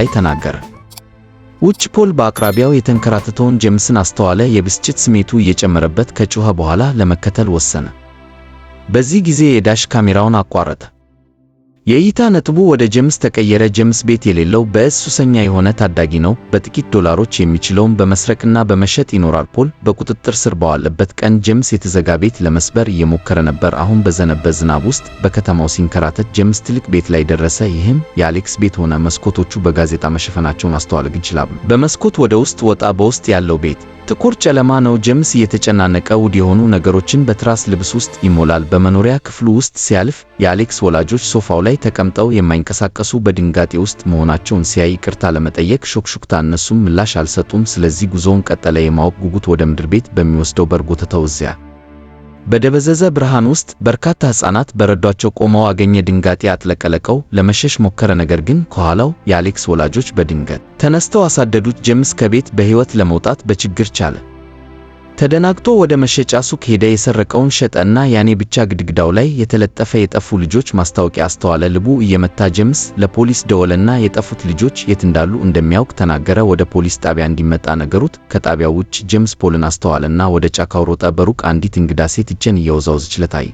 ላይ ተናገረ። ውጭ ፖል በአቅራቢያው የተንከራተተውን ጄምስን አስተዋለ። የብስጭት ስሜቱ እየጨመረበት ከጮኸ በኋላ ለመከተል ወሰነ። በዚህ ጊዜ የዳሽ ካሜራውን አቋረጠ። የእይታ ነጥቡ ወደ ጀምስ ተቀየረ። ጀምስ ቤት የሌለው በእሱ ሱሰኛ የሆነ ታዳጊ ነው። በጥቂት ዶላሮች የሚችለውን በመስረቅና በመሸጥ ይኖራል። ፖል በቁጥጥር ስር በዋለበት ቀን ጀምስ የተዘጋ ቤት ለመስበር እየሞከረ ነበር። አሁን በዘነበ ዝናብ ውስጥ በከተማው ሲንከራተት ጀምስ ትልቅ ቤት ላይ ደረሰ። ይህም የአሌክስ ቤት ሆነ። መስኮቶቹ በጋዜጣ መሸፈናቸውን አስተዋልግ ይችላሉ። በመስኮት ወደ ውስጥ ወጣ። በውስጥ ያለው ቤት ጥቁር ጨለማ ነው። ጀምስ እየተጨናነቀ ውድ የሆኑ ነገሮችን በትራስ ልብስ ውስጥ ይሞላል። በመኖሪያ ክፍሉ ውስጥ ሲያልፍ የአሌክስ ወላጆች ሶፋው ላይ ላይ ተቀምጠው የማይንቀሳቀሱ በድንጋጤ ውስጥ መሆናቸውን ሲያይ ይቅርታ ለመጠየቅ ሹክሹክታ፣ እነሱም ምላሽ አልሰጡም። ስለዚህ ጉዞውን ቀጠለ። የማወቅ ጉጉት ወደ ምድር ቤት በሚወስደው በርጎተተው እዚያ በደበዘዘ ብርሃን ውስጥ በርካታ ሕፃናት በረዷቸው ቆመው አገኘ። ድንጋጤ አጥለቀለቀው። ለመሸሽ ሞከረ፣ ነገር ግን ከኋላው የአሌክስ ወላጆች በድንገት ተነስተው አሳደዱት። ጀምስ ከቤት በሕይወት ለመውጣት በችግር ቻለ። ተደናግጦ ወደ መሸጫ ሱቅ ሄደ። የሰረቀውን ሸጠና ያኔ ብቻ ግድግዳው ላይ የተለጠፈ የጠፉ ልጆች ማስታወቂያ አስተዋለ። ልቡ እየመታ ጀምስ ለፖሊስ ደወለና የጠፉት ልጆች የት እንዳሉ እንደሚያውቅ ተናገረ። ወደ ፖሊስ ጣቢያ እንዲመጣ ነገሩት። ከጣቢያው ውጭ ጀምስ ፖልን አስተዋለና ወደ ጫካው ሮጠ። በሩቅ አንዲት እንግዳ ሴት እጄን እየወዛወዘች ለታይ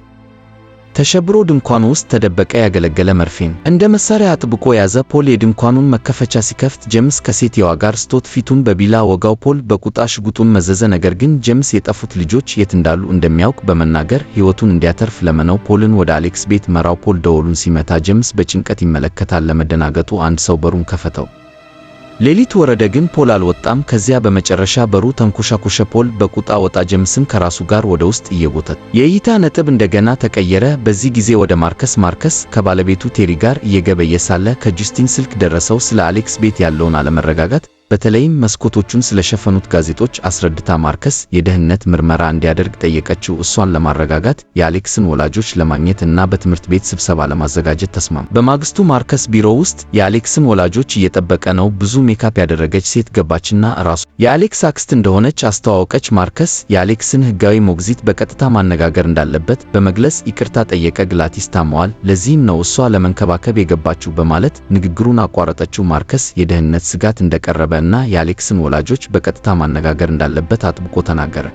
ተሸብሮ ድንኳኑ ውስጥ ተደበቀ። ያገለገለ መርፌን እንደ መሳሪያ አጥብቆ ያዘ። ፖል የድንኳኑን መከፈቻ ሲከፍት ጀምስ ከሴትየዋ ጋር ስቶት ፊቱን በቢላ ወጋው። ፖል በቁጣ ሽጉጡን መዘዘ። ነገር ግን ጀምስ የጠፉት ልጆች የት እንዳሉ እንደሚያውቅ በመናገር ሕይወቱን እንዲያተርፍ ለመነው። ፖልን ወደ አሌክስ ቤት መራው። ፖል ደወሉን ሲመታ ጀምስ በጭንቀት ይመለከታል። ለመደናገጡ አንድ ሰው በሩን ከፈተው። ሌሊት ወረደ፣ ግን ፖል አልወጣም። ከዚያ በመጨረሻ በሩ ተንኮሻኮሸ። ፖል በቁጣ ወጣ፣ ጀምስም ከራሱ ጋር ወደ ውስጥ እየጎተተ። የእይታ ነጥብ እንደገና ተቀየረ። በዚህ ጊዜ ወደ ማርከስ። ማርከስ ከባለቤቱ ቴሪ ጋር እየገበየ ሳለ ከጁስቲን ስልክ ደረሰው። ስለ አሌክስ ቤት ያለውን አለመረጋጋት በተለይም መስኮቶቹን ስለሸፈኑት ጋዜጦች አስረድታ ማርከስ የደህንነት ምርመራ እንዲያደርግ ጠየቀችው። እሷን ለማረጋጋት የአሌክስን ወላጆች ለማግኘት እና በትምህርት ቤት ስብሰባ ለማዘጋጀት ተስማም። በማግስቱ ማርከስ ቢሮ ውስጥ የአሌክስን ወላጆች እየጠበቀ ነው። ብዙ ሜካፕ ያደረገች ሴት ገባችና ራሱ የአሌክስ አክስት እንደሆነች አስተዋወቀች። ማርከስ የአሌክስን ሕጋዊ ሞግዚት በቀጥታ ማነጋገር እንዳለበት በመግለጽ ይቅርታ ጠየቀ። ግላቲስ ታመዋል፣ ለዚህም ነው እሷ ለመንከባከብ የገባችው በማለት ንግግሩን አቋረጠችው። ማርከስ የደህንነት ስጋት እንደቀረበ እና የአሌክስን ወላጆች በቀጥታ ማነጋገር እንዳለበት አጥብቆ ተናገረ።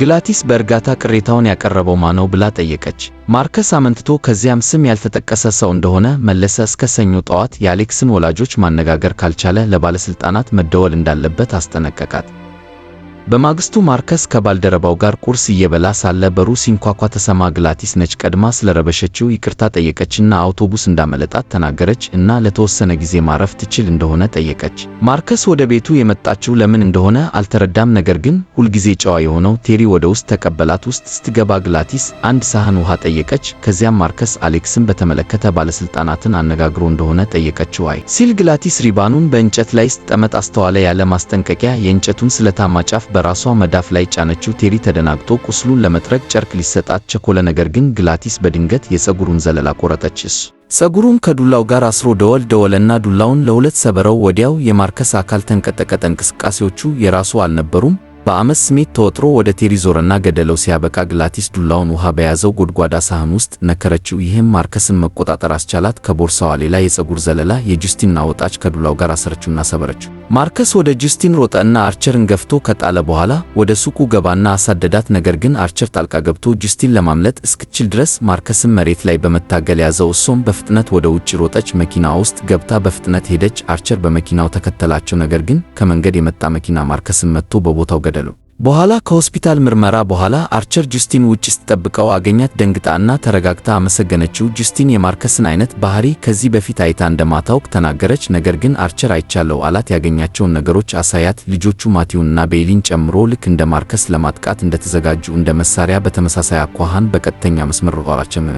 ግላቲስ በእርጋታ ቅሬታውን ያቀረበው ማነው ብላ ጠየቀች። ማርከስ አመንትቶ ከዚያም ስም ያልተጠቀሰ ሰው እንደሆነ መለሰ። እስከ ሰኞ ጠዋት የአሌክስን ወላጆች ማነጋገር ካልቻለ ለባለስልጣናት መደወል እንዳለበት አስጠነቀቃት። በማግስቱ ማርከስ ከባልደረባው ጋር ቁርስ እየበላ ሳለ በሩ ሲንኳኳ ተሰማ። ግላቲስ ነች ቀድማ ስለረበሸችው ይቅርታ ጠየቀችና አውቶቡስ እንዳመለጣት ተናገረች እና ለተወሰነ ጊዜ ማረፍ ትችል እንደሆነ ጠየቀች። ማርከስ ወደ ቤቱ የመጣችው ለምን እንደሆነ አልተረዳም። ነገር ግን ሁልጊዜ ጨዋ የሆነው ቴሪ ወደ ውስጥ ተቀበላት። ውስጥ ስትገባ ግላቲስ አንድ ሳህን ውሃ ጠየቀች። ከዚያም ማርከስ አሌክስን በተመለከተ ባለስልጣናትን አነጋግሮ እንደሆነ ጠየቀችው። አይ ሲል ግላቲስ ሪባኑን በእንጨት ላይ ስትጠመጥ አስተዋለ። ያለ ማስጠንቀቂያ የእንጨቱን ስለታማ ጫፍ በራሷ መዳፍ ላይ ጫነችው። ቴሪ ተደናግጦ ቁስሉን ለመጥረግ ጨርቅ ሊሰጣት ቸኮለ። ነገር ግን ግላቲስ በድንገት የፀጉሩን ዘለላ ቆረጠችስ ፀጉሩን ከዱላው ጋር አስሮ ደወል ደወለና ዱላውን ለሁለት ሰበረው። ወዲያው የማርከስ አካል ተንቀጠቀጠ። እንቅስቃሴዎቹ የራሱ አልነበሩም። በአመፅ ስሜት ተወጥሮ ወደ ቴሪ ዞረና ገደለው። ሲያበቃ ግላቲስ ዱላውን ውሃ በያዘው ጎድጓዳ ሳህን ውስጥ ነከረችው። ይህም ማርከስን መቆጣጠር አስቻላት። ከቦርሳዋ ሌላ የፀጉር ዘለላ የጁስቲን አወጣች። ከዱላው ጋር አሰረችውና ሰበረችው። ማርከስ ወደ ጁስቲን ሮጠና አርቸርን ገፍቶ ከጣለ በኋላ ወደ ሱቁ ገባና አሳደዳት። ነገር ግን አርቸር ጣልቃ ገብቶ ጁስቲን ለማምለጥ እስክችል ድረስ ማርከስን መሬት ላይ በመታገል ያዘው። እሷም በፍጥነት ወደ ውጭ ሮጠች። መኪና ውስጥ ገብታ በፍጥነት ሄደች። አርቸር በመኪናው ተከተላቸው። ነገር ግን ከመንገድ የመጣ መኪና ማርከስን መጥቶ በቦታው ገደ ገደለው። በኋላ ከሆስፒታል ምርመራ በኋላ አርቸር ጁስቲን ውጭ ስትጠብቀው አገኛት። ደንግጣና ተረጋግታ አመሰገነችው። ጁስቲን የማርከስን አይነት ባህሪ ከዚህ በፊት አይታ እንደማታውቅ ተናገረች። ነገር ግን አርቸር አይቻለው አላት። ያገኛቸውን ነገሮች አሳያት። ልጆቹ ማቲውንና ቤሊን ጨምሮ ልክ እንደ ማርከስ ለማጥቃት እንደተዘጋጁ እንደ መሳሪያ በተመሳሳይ አኳኋን በቀጥተኛ መስመር ሯሯቸም።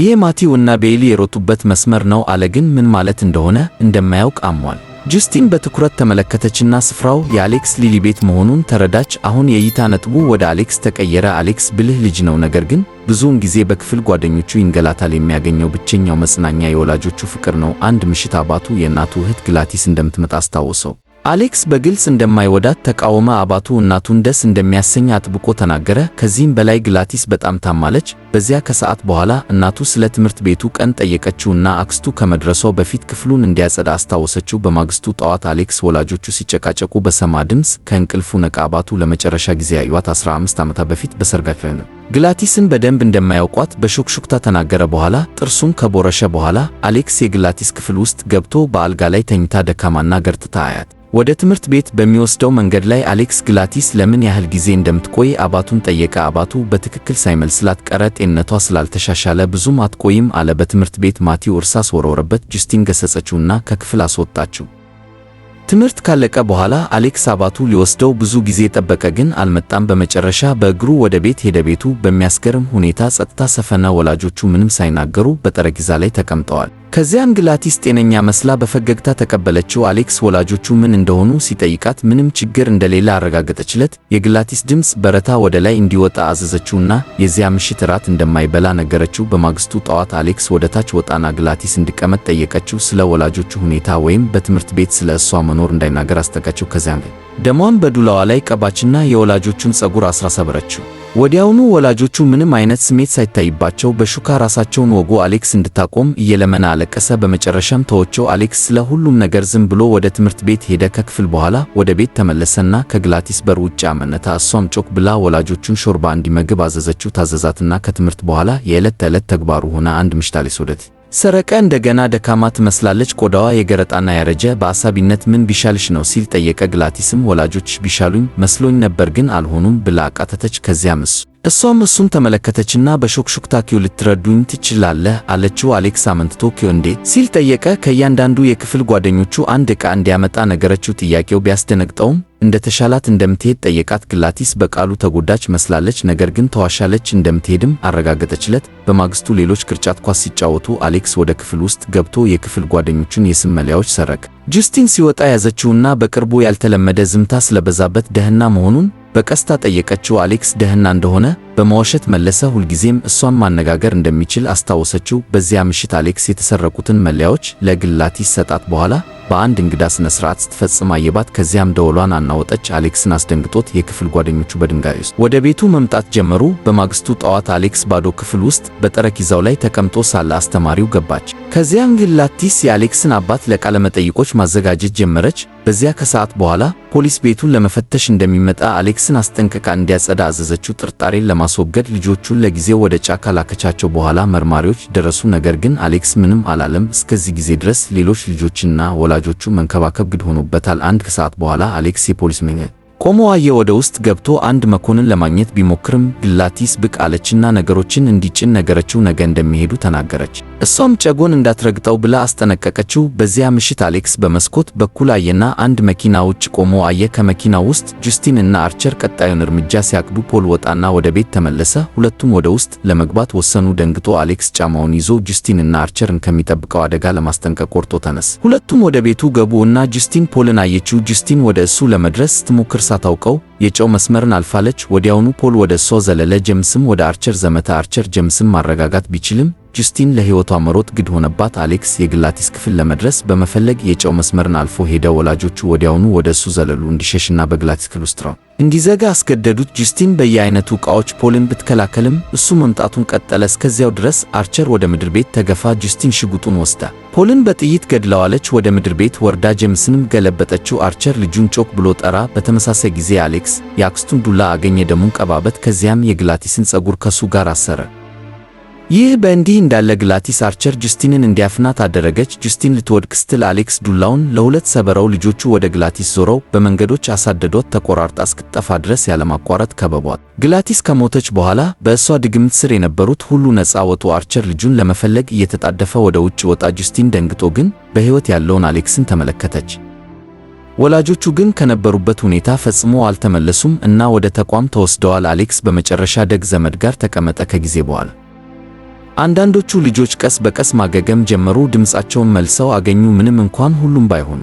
ይሄ ማቲው እና ቤሊ የሮጡበት መስመር ነው አለ። ግን ምን ማለት እንደሆነ እንደማያውቅ አሟል። ጁስቲን በትኩረት ተመለከተችና ስፍራው የአሌክስ ሊሊ ቤት መሆኑን ተረዳች። አሁን የእይታ ነጥቡ ወደ አሌክስ ተቀየረ። አሌክስ ብልህ ልጅ ነው፣ ነገር ግን ብዙውን ጊዜ በክፍል ጓደኞቹ ይንገላታል። የሚያገኘው ብቸኛው መጽናኛ የወላጆቹ ፍቅር ነው። አንድ ምሽት አባቱ የእናቱ እህት ግላቲስ እንደምትመጣ አስታወሰው። አሌክስ በግልጽ እንደማይወዳት ተቃውመ አባቱ እናቱን ደስ እንደሚያሰኝ አጥብቆ ተናገረ። ከዚህም በላይ ግላቲስ በጣም ታማለች። በዚያ ከሰዓት በኋላ እናቱ ስለ ትምህርት ቤቱ ቀን ጠየቀችውና አክስቱ ከመድረሷ በፊት ክፍሉን እንዲያጸዳ አስታወሰችው። በማግስቱ ጠዋት አሌክስ ወላጆቹ ሲጨቃጨቁ በሰማ ድምፅ ከእንቅልፉ ነቃ። አባቱ ለመጨረሻ ጊዜ ያዩት 15 ዓመታት በፊት በሰርጋቸው ነው። ግላቲስን በደንብ እንደማያውቋት በሹክሹክታ ተናገረ። በኋላ ጥርሱን ከቦረሸ በኋላ አሌክስ የግላቲስ ክፍል ውስጥ ገብቶ በአልጋ ላይ ተኝታ ደካማና ገርጥታ አያት። ወደ ትምህርት ቤት በሚወስደው መንገድ ላይ አሌክስ ግላቲስ ለምን ያህል ጊዜ እንደምትቆይ አባቱን ጠየቀ። አባቱ በትክክል ሳይመልስላት ቀረ። ጤንነቷ ስላልተሻሻለ ብዙም አትቆይም አለ። በትምህርት ቤት ማቲው እርሳስ ወረወረበት። ጁስቲን ገሰጸችውና ከክፍል አስወጣችው። ትምህርት ካለቀ በኋላ አሌክስ አባቱ ሊወስደው ብዙ ጊዜ ጠበቀ፣ ግን አልመጣም። በመጨረሻ በእግሩ ወደ ቤት ሄደ። ቤቱ በሚያስገርም ሁኔታ ጸጥታ ሰፈነ። ወላጆቹ ምንም ሳይናገሩ በጠረጴዛ ላይ ተቀምጠዋል። ከዚያም ግላዲስ ጤነኛ መስላ በፈገግታ ተቀበለችው። አሌክስ ወላጆቹ ምን እንደሆኑ ሲጠይቃት ምንም ችግር እንደሌለ አረጋገጠችለት። የግላቲስ ድምፅ በረታ ወደ ላይ እንዲወጣ አዘዘችውና የዚያ ምሽት ራት እንደማይበላ ነገረችው። በማግስቱ ጠዋት አሌክስ ታች ወጣና ግላቲስ እንዲቀመጥ ጠየቀችው። ስለ ወላጆቹ ሁኔታ ወይም በትምህርት ቤት ስለ እሷ መኖር እንዳይናገር አስጠጋቸው። ከዚያም ደሟም በዱላዋ ላይ ቀባችና የወላጆቹን ጸጉር አስራ ሰበረችው። ወዲያውኑ ወላጆቹ ምንም አይነት ስሜት ሳይታይባቸው በሹካ ራሳቸውን ወጉ። አሌክስ እንድታቆም እየለመነ አለቀሰ። በመጨረሻም ተወቸው። አሌክስ ስለ ሁሉም ነገር ዝም ብሎ ወደ ትምህርት ቤት ሄደ። ከክፍል በኋላ ወደ ቤት ተመለሰና ከግላቲስ በር ውጭ አመነተ። እሷም ጮክ ብላ ወላጆቹን ሾርባ እንዲመግብ አዘዘችው። ታዘዛትና ከትምህርት በኋላ የዕለት ተዕለት ተግባሩ ሆነ። አንድ ምሽት አሌክስ ወደ ሰረቀ እንደገና ደካማ ትመስላለች፣ ቆዳዋ የገረጣና ያረጀ። በአሳቢነት ምን ቢሻልሽ ነው ሲል ጠየቀ። ግላቲስም ወላጆች ቢሻሉኝ መስሎኝ ነበር ግን አልሆኑም ብላ አቃተተች። ከዚያም እሱ እሷም እሱን ተመለከተችና በሾክሹክታ ኪው ልትረዱኝ ትችላለህ አለችው። አሌክስ አመንትቶ ቶኪዮ እንዴ ሲል ጠየቀ። ከእያንዳንዱ የክፍል ጓደኞቹ አንድ ዕቃ እንዲያመጣ ነገረችው። ጥያቄው ቢያስደነግጠውም እንደተሻላት እንደምትሄድ ጠየቃት። ግላቲስ በቃሉ ተጎዳች መስላለች፣ ነገር ግን ተዋሻለች እንደምትሄድም አረጋገጠችለት። በማግስቱ ሌሎች ቅርጫት ኳስ ሲጫወቱ አሌክስ ወደ ክፍል ውስጥ ገብቶ የክፍል ጓደኞቹን የስም መለያዎች ሰረቀ። ጁስቲን ሲወጣ ያዘችውና በቅርቡ ያልተለመደ ዝምታ ስለበዛበት ደህና መሆኑን በቀስታ ጠየቀችው። አሌክስ ደህና እንደሆነ በመዋሸት መለሰ። ሁልጊዜም እሷን ማነጋገር እንደሚችል አስታወሰችው። በዚያ ምሽት አሌክስ የተሰረቁትን መለያዎች ለግላት ሰጣት። በኋላ በአንድ እንግዳ ስነ ስርዓት ስትፈጽም አየባት። ከዚያም ደወሏን አናወጠች። አሌክስን አስደንግጦት የክፍል ጓደኞቹ በድንጋይ ውስጥ ወደ ቤቱ መምጣት ጀመሩ። በማግስቱ ጠዋት አሌክስ ባዶ ክፍል ውስጥ በጠረጴዛው ላይ ተቀምጦ ሳለ አስተማሪው ገባች። ከዚያም ግላቲስ የአሌክስን አባት ለቃለ መጠይቆች ማዘጋጀት ጀመረች። በዚያ ከሰዓት በኋላ ፖሊስ ቤቱን ለመፈተሽ እንደሚመጣ አሌክስን አስጠንቅቃ እንዲያጸዳ አዘዘችው። ጥርጣሬን ለማ ለማስወገድ ልጆቹን ለጊዜው ወደ ጫካ ላከቻቸው። በኋላ መርማሪዎች ደረሱ፣ ነገር ግን አሌክስ ምንም አላለም። እስከዚህ ጊዜ ድረስ ሌሎች ልጆችና ወላጆቹ መንከባከብ ግድ ሆኖበታል። አንድ ከሰዓት በኋላ አሌክስ የፖሊስ መኝ ቆሞ አየ። ወደ ውስጥ ገብቶ አንድ መኮንን ለማግኘት ቢሞክርም ግላቲስ ብቅ አለችና ነገሮችን እንዲጭን ነገረችው። ነገ እንደሚሄዱ ተናገረች። እሷም ጨጎን እንዳትረግጠው ብላ አስጠነቀቀችው። በዚያ ምሽት አሌክስ በመስኮት በኩል አየና አንድ መኪና ውጭ ቆሞ አየ። ከመኪናው ውስጥ ጁስቲን እና አርቸር ቀጣዩን እርምጃ ሲያቅዱ ፖል ወጣና ወደ ቤት ተመለሰ። ሁለቱም ወደ ውስጥ ለመግባት ወሰኑ። ደንግጦ አሌክስ ጫማውን ይዞ ጁስቲን እና አርቸርን ከሚጠብቀው አደጋ ለማስጠንቀቅ ቆርጦ ተነስ። ሁለቱም ወደ ቤቱ ገቡ እና ጁስቲን ፖልን አየችው። ጁስቲን ወደ እሱ ለመድረስ ስትሞክር ሳታውቀው የጨው መስመርን አልፋለች። ወዲያውኑ ፖል ወደ እሷ ዘለለ። ጀምስም ወደ አርቸር ዘመተ። አርቸር ጀምስም ማረጋጋት ቢችልም ጁስቲን ለህይወቷ መሮጥ ግድ ሆነባት። አሌክስ የግላቲስ ክፍል ለመድረስ በመፈለግ የጨው መስመርን አልፎ ሄደ። ወላጆቹ ወዲያውኑ ወደ እሱ ዘለሉ፣ እንዲሸሽና በግላቲስ ክፍል ውስጥ እንዲዘጋ አስገደዱት። ጁስቲን በየአይነቱ ዕቃዎች ፖልን ብትከላከልም እሱ መምጣቱን ቀጠለ። እስከዚያው ድረስ አርቸር ወደ ምድር ቤት ተገፋ። ጁስቲን ሽጉጡን ወስዳ ፖልን በጥይት ገድለዋለች። ወደ ምድር ቤት ወርዳ ጄምስንም ገለበጠችው። አርቸር ልጁን ጮክ ብሎ ጠራ። በተመሳሳይ ጊዜ አሌክስ የአክስቱን ዱላ አገኘ፣ ደሙን ቀባበት። ከዚያም የግላቲስን ፀጉር ከሱ ጋር አሰረ። ይህ በእንዲህ እንዳለ ግላቲስ አርቸር ጁስቲንን እንዲያፍናት አደረገች። ጁስቲን ልትወድቅ ስትል አሌክስ ዱላውን ለሁለት ሰበረው። ልጆቹ ወደ ግላቲስ ዞረው በመንገዶች አሳደዷት። ተቆራርጣ እስክትጠፋ ድረስ ያለማቋረጥ ከበቧት። ግላቲስ ከሞተች በኋላ በእሷ ድግምት ስር የነበሩት ሁሉ ነፃ ወጡ። አርቸር ልጁን ለመፈለግ እየተጣደፈ ወደ ውጭ ወጣ። ጁስቲን ደንግጦ ግን በሕይወት ያለውን አሌክስን ተመለከተች። ወላጆቹ ግን ከነበሩበት ሁኔታ ፈጽሞ አልተመለሱም እና ወደ ተቋም ተወስደዋል። አሌክስ በመጨረሻ ደግ ዘመድ ጋር ተቀመጠ ከጊዜ በኋላ አንዳንዶቹ ልጆች ቀስ በቀስ ማገገም ጀመሩ፣ ድምፃቸውን መልሰው አገኙ፣ ምንም እንኳን ሁሉም ባይሆኑ።